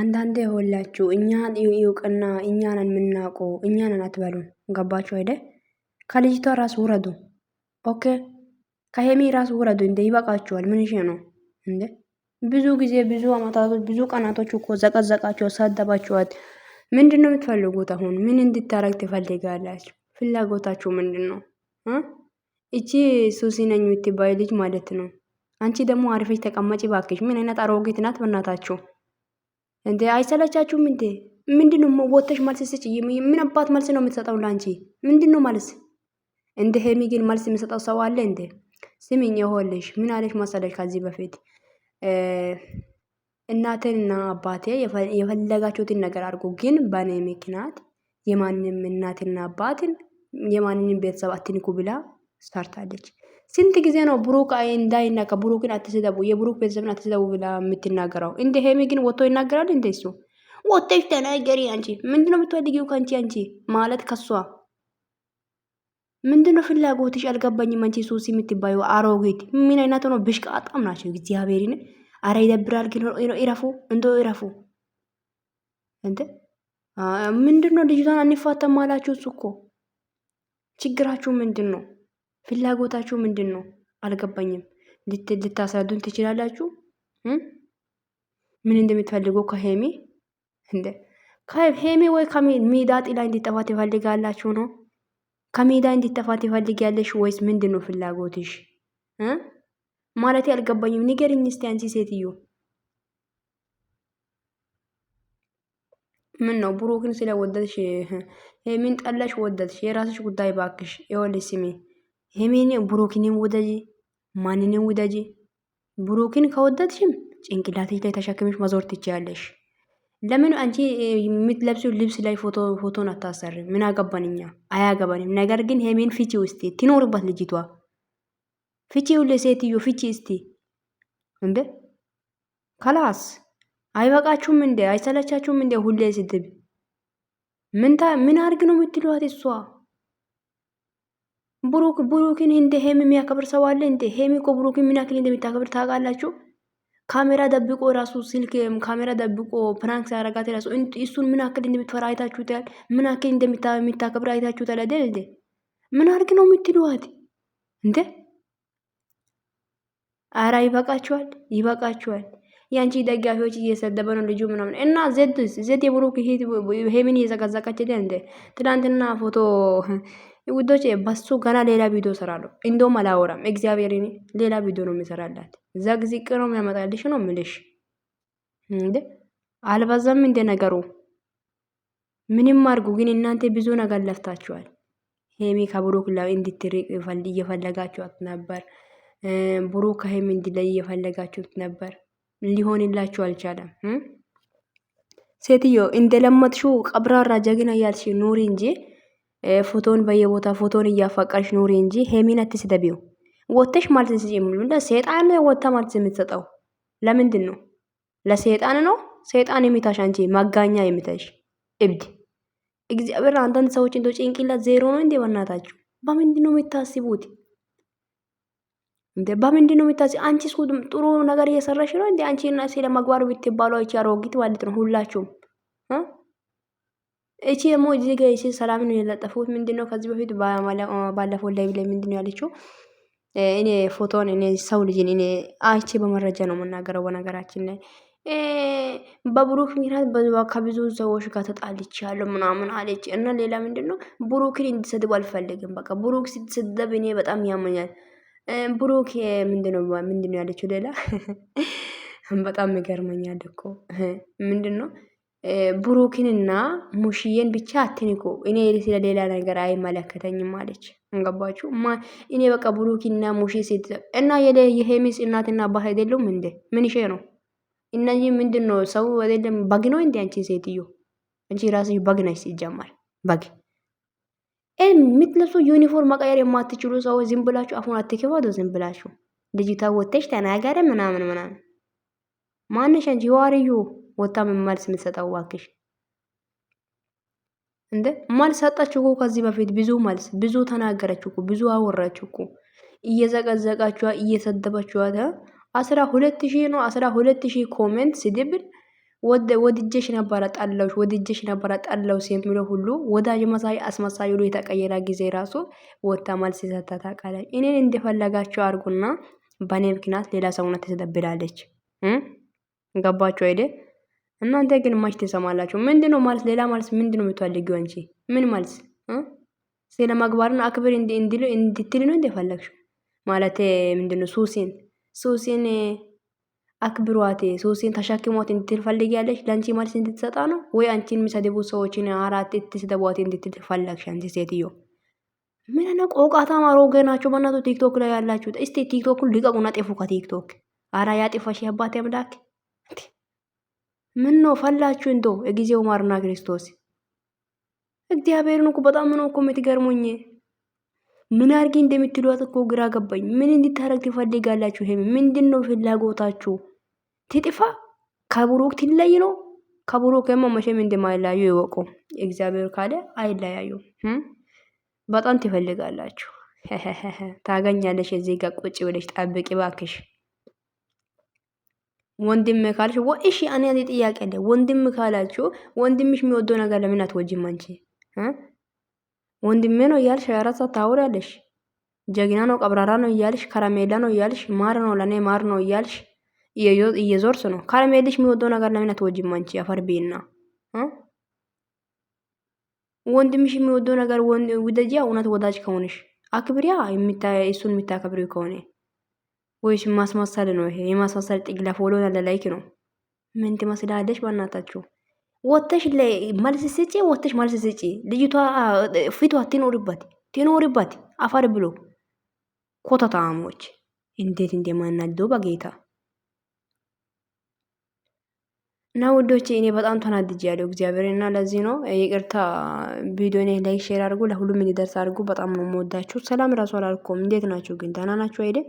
አንዳንዴ ሁላችሁ እኛን ይውቅና እኛን የምናውቀው እኛን አትበሉን። ገባችሁ አይደ? ከልጅቷ ራስ ውረዱ። ኦኬ ከሄሚ ራስ ውረዱ። እንደ ይበቃችኋል። ምንሽ ነው እንደ ብዙ ጊዜ ብዙ አመታቶች ብዙ ቀናቶች እኮ ዘቀዘቃቸው ሳደባችኋት። ምንድን ነው የምትፈልጉት? አሁን ምን እንድታረግ ትፈልጋላችሁ? ፍላጎታችሁ ምንድን ነው? እቺ ሱሲ ነኝ የምትባይ ልጅ ማለት ነው። አንቺ ደግሞ አሪፈች ተቀማጭ ባክሽ። ምን አይነት አሮጌት ናት በናታችሁ። እንዴ አይሰላቻችሁም እንዴ? ምንድን ነው ወተሽ መልስ ስጭ። ምን አባት መልስ ነው የምትሰጠው? ላንቺ ምንድን ነው መልስ? እንደ ሄሚ ግን መልስ የምሰጠው ሰው አለ እንዴ? ስሚኝ፣ የሆለሽ ምን አለሽ መሰለሽ? ከዚህ በፊት እናቴንና አባቴ የፈለጋችሁትን ነገር አድርጎ ግን በእኔ ምክንያት የማንም እናትና አባትን የማንንም ቤተሰብ አትንኩ ብላ ሰርታለች። ስንት ጊዜ ነው ብሩክ እንዳይናጋ ብሩክን አትስደቡ፣ የብሩክ ቤተሰብን አትስደቡ ብላ የምትናገረው? እንደ ሄሚ ግን ወጥቶ ይናገራል። እንደ እሱ ወጥቶ ተናገሪ አንቺ ምንድነው የምትፈልጊው ከአንቺ አንቺ ማለት ከሷ ምንድነው ፍላጎትሽ አልገባኝም። አንቺ ሱሲ የምትባዩ አሮጌት ምን አይነት ነው? ብሽቅ አጣም ናቸው። እግዚአብሔርን አረ ይደብራል። ግን ይረፉ እንዶ ይረፉ እንዴ ምንድነው ልጅቷን አንፋተማላችሁ እኮ ችግራችሁ ምንድን ነው? ፍላጎታችሁ ምንድን ነው? አልገባኝም። ልታስረዱን ትችላላችሁ? ምን እንደምትፈልጉ ከሄሜ እንደ ከሄሜ ወይ ከሜዳ ጥላ እንዲጠፋ ትፈልጋላችሁ ነው? ከሜዳ እንዲጠፋ ትፈልጊያለሽ ወይስ ምንድን ነው ፍላጎትሽ? ማለት አልገባኝም። ንገሪኝ እስቲ አንቺ ሴትዮ። ምን ነው ብሩክን ስለወደድሽ ሄሜን ጠላሽ ወደድሽ? የራስሽ ጉዳይ ባክሽ። ይኸውልሽ ስሜ ሄሜን ብሩክንም ውደጂ፣ ማንንም ውደጂ። ብሩክን ከወደድሽም ጭንቅላትሽ ላይ ተሸክመሽ መዞር ትችያለሽ። ለምን አንቺ የምትለብሱ ልብስ ላይ ፎቶን አታሰር? ምን አገባንኛ? አያገባንም። ነገር ግን ሄሜን ፊቺ ውስጥ ትኖርባት ልጅቷ ፊቺ ሁሌ ሴትዮ ፊቺ እስቲ እንደ ከላስ አይበቃችሁም እንዴ? አይሰለቻችሁም እንዴ? ሁሌ ስድብ ምን አርግ ነው የምትሏት እሷ? ብሩክ ብሩክን እንደ ሄም የሚያከብር ሰው አለ እንዴ? ሄም እኮ ብሩክን ምን ያክል እንደሚታከብር ታውቃላችሁ? ካሜራ ደብቆ ራሱ ስልክ ካሜራ ደብቆ ፕራንክ ሲያረጋት ራሱ እሱን ምን ያክል እንደምትፈራ አይታችሁታል? ምን ያክል እንደሚታከብር አይታችሁታል አይደል እንዴ? ምን አርግ ነው የምትሉዋት እንዴ? አራ ይበቃችኋል፣ ይበቃችኋል። የአንቺ ደጋፊዎች እየሰደበ ነው ልጁ ምናምን እና ዜድ ዜድ የብሩክ ሄምን እየዘጋዘጋች እንዴ? ትላንትና ፎቶ ውዶች በሱ ገና ሌላ ቪዲዮ ሰራለሁ። እንደውም አላወራም። እግዚአብሔር ሌላ ቪዲዮ ነው የሚሰራላት። እዛ ጊዜ ነው የሚያመጣልሽ ነው ምልሽ። እንደ አልበዛም እንደ ነገሩ ምንም አርጉ፣ ግን እናንተ ብዙ ነገር ለፍታችኋል። ሄሚ ከብሩክ ላይ እንድትርቅ እየፈለጋችኋት ነበር። ብሩክ ከሄሚ እንዲለይ እየፈለጋችሁት ነበር። ሊሆንላችሁ አልቻለም። ሴትዮ እንደለመጥሽው ቀብራራ ጀግና እያልሽ ኑሪ እንጂ ፎቶን በየቦታ ፎቶን እያፋቀርሽ ኑሪ እንጂ ሄሚን አትስደቢው። ወተሽ ማለት ሲጀምሩ እንደ ሰይጣን ወታ ማለት የምትሰጠው ለምንድን ነው? ለሰይጣን ነው። ሰይጣን የሚታሽ አንቺ ማጋኛ የሚታሽ እብድ። እግዚአብሔር አንዳንድ ሰዎች እንደ ጭንቅላት ዜሮ ነው እንዴ? በእናታችሁ በምንድን ነው የምታስቡት እንዴ? በምንድን ነው የምታስቡ? አንቺ ጥሩ ነገር እየሰራሽ ነው እንዴ? አንቺ እና ስለማግባር ብትባሉ አይቻ አሮጊት ማለት ነው ሁላችሁም እቺ ደግሞ እዚህ ጋር እቺ ሰላም ነው የለጠፉት። ምንድነው ከዚህ በፊት ባለፈው ላይ ላይ ምንድነው ያለችው? እኔ ፎቶን እኔ ሰው ልጅን እኔ አይቼ በመረጃ ነው የምናገረው። በነገራችን ላይ በብሩክ ምክንያት ከብዙ ሰዎች ጋር ተጣልች ያለው ምናምን አለች እና ሌላ ምንድነው ብሩክን እንዲሰድብ አልፈልግም። በቃ ብሩክ ሲሰደብ እኔ በጣም ያመኛል። ብሩክ ምንድነው ምንድነው ያለችው ሌላ በጣም ይገርመኛል እኮ ምንድነው ብሩክንና ሙሽዬን ብቻ አትንኩ፣ እኔ ስለ ሌላ ነገር አይመለከተኝም ማለች እንገባችሁ? እኔ በቃ ብሩክና ሙሽ ሴት እና የሄሚስ እናትና አባት አይደሉም እንዴ? ምን ሼ ነው? እነዚህ ምንድን ነው? ሰው አይደለም በግ ነው እንዴ? አንቺ ሴትዮ፣ አንቺ ራስሽ በግ ነሽ። ሲጀመር በግ የምትለብሱ ዩኒፎርም መቀየር የማትችሉ ሰው ዝም ብላችሁ አፉን አትክፈቱ። ዝም ብላችሁ ልጅቷ ወተሽ ተናገረ ምናምን ምናምን ማነሽ አንቺ ዋርዩ ወታ ምን መልስ የምትሰጠው እባክሽ? እንደ መልስ ሰጣችሁ እኮ ከዚህ በፊት ብዙ መልስ ብዙ ተናገረችሁ እኮ ብዙ አወራችሁ እኮ እየዘቀዘቃችኋ እየሰደባችኋ አስራ ሁለት ሺህ ነው አስራ ሁለት ሺህ ኮሜንት ስድብን ወድጀሽ ነበረ ጠላሁሽ፣ ወድጀሽ ነበረ ጠላሁሽ የሚለው ሁሉ ወዳጅ መሳይ አስመሳይ ሁሉ የተቀየረ ጊዜ ራሱ ወታ መልስ ሰታ ታውቃለች። እኔን እንደፈለጋችሁ አድርጉና በእኔ ምክንያት ሌላ ሰውነት ትደብላለች። ገባችሁ አይደል? እናንተ ግን ማች ትሰማላችሁ። ነው ማለት ሌላ ማለት ምንድነው የምትፈልጊው አንቺ? ምን ማለት ስለ ማግባርን አክብር እንድትል ነው እንደፈለግሽው ማለት ነው? ሱሲን ሱሲን አክብሯት ሱሲን ተሻክሟት እንድትል ፈልጊያለሽ? ለአንቺ ማለት እንድትሰጣ ነው ወይ አንቺን የሚሰድቡ ሰዎችን አራት ትስደቧት እንድትል ፈለግሽ? አንቺ ሴትዮ ምን አይነት ቆቃታም አሮጌ ናቸው። በእናቱ ቲክቶክ ላይ ያላችሁት እስቲ ቲክቶኩን ሊቀቁና ጤፉ ከቲክቶክ። አራ ያጤፋሽ አባቴ አምላክ ምን ነው ፈላችሁ እንዶ እግዚኦ ማርና ክርስቶስ እግዚአብሔርን እኮ በጣም ነው እኮ የምትገርሙኝ። ምን አርጊ እንደምትሏት እኮ ግራ ገባኝ። ምን እንድታረግ ትፈልጋላችሁ? ይሄ ምንድን ነው ፍላጎታችሁ? ትጥፋ? ከብሩክ ትለይ ነው? ከብሩክ የማ መቼም እንደማይለያዩ ይወቁ። እግዚአብሔር ካለ አይለያዩ። በጣም ትፈልጋላችሁ፣ ታገኛለሽ። እዚህ ጋር ቁጭ ብለሽ ጠብቂ ባክሽ። ወንድም ካልሽ ወ እሺ፣ እኔ አንድ ጥያቄ አለ። ወንድም ካላችሁ ወንድምሽ የሚወደው ነገር ለምን አትወጂም? አንቺ ወንድሜ ነው እያልሽ ራሳ ታውሪያለሽ። ጀግና ነው፣ ቀብራራ ነው እያልሽ፣ ከረሜላ ነው እያልሽ፣ ማር ነው ለእኔ ማር ነው እያልሽ እየዞርስ ነው። ከረሜልሽ የሚወደው ነገር ለምን አትወጂም? አንቺ አፈርቤና ወንድምሽ የሚወደው ነገር ውደጃ። እውነት ወዳጅ ከሆንሽ አክብሪያ፣ እሱን የሚታከብሪው ከሆነ ወይስ ማስመሰል ነው? ይሄ የማስመሰል ጥግ ለፎሎ ያለ ላይክ ነው። ምን ትመስላለች? በእናታችሁ ወተሽ መልስ ስጪ፣ ወተሽ መልስ ስጪ። ልጅቷ ፊቷ ትኖርበት ትኖርበት አፈር ብሎ ኮተታሞች እንዴት እንደማናዶ በጌታ እና ውዶች እኔ በጣም ተናድጄ ያለው እግዚአብሔር እና ለዚህ ነው ይቅርታ። ቪዲዮኔ ላይክ ሼር አድርጉ፣ ለሁሉም እንዲደርስ አድርጉ። በጣም ነው የምወዳችሁ። ሰላም ራሱ አላልኩም። እንዴት ናችሁ ግን? ደህና ናችሁ አይደል?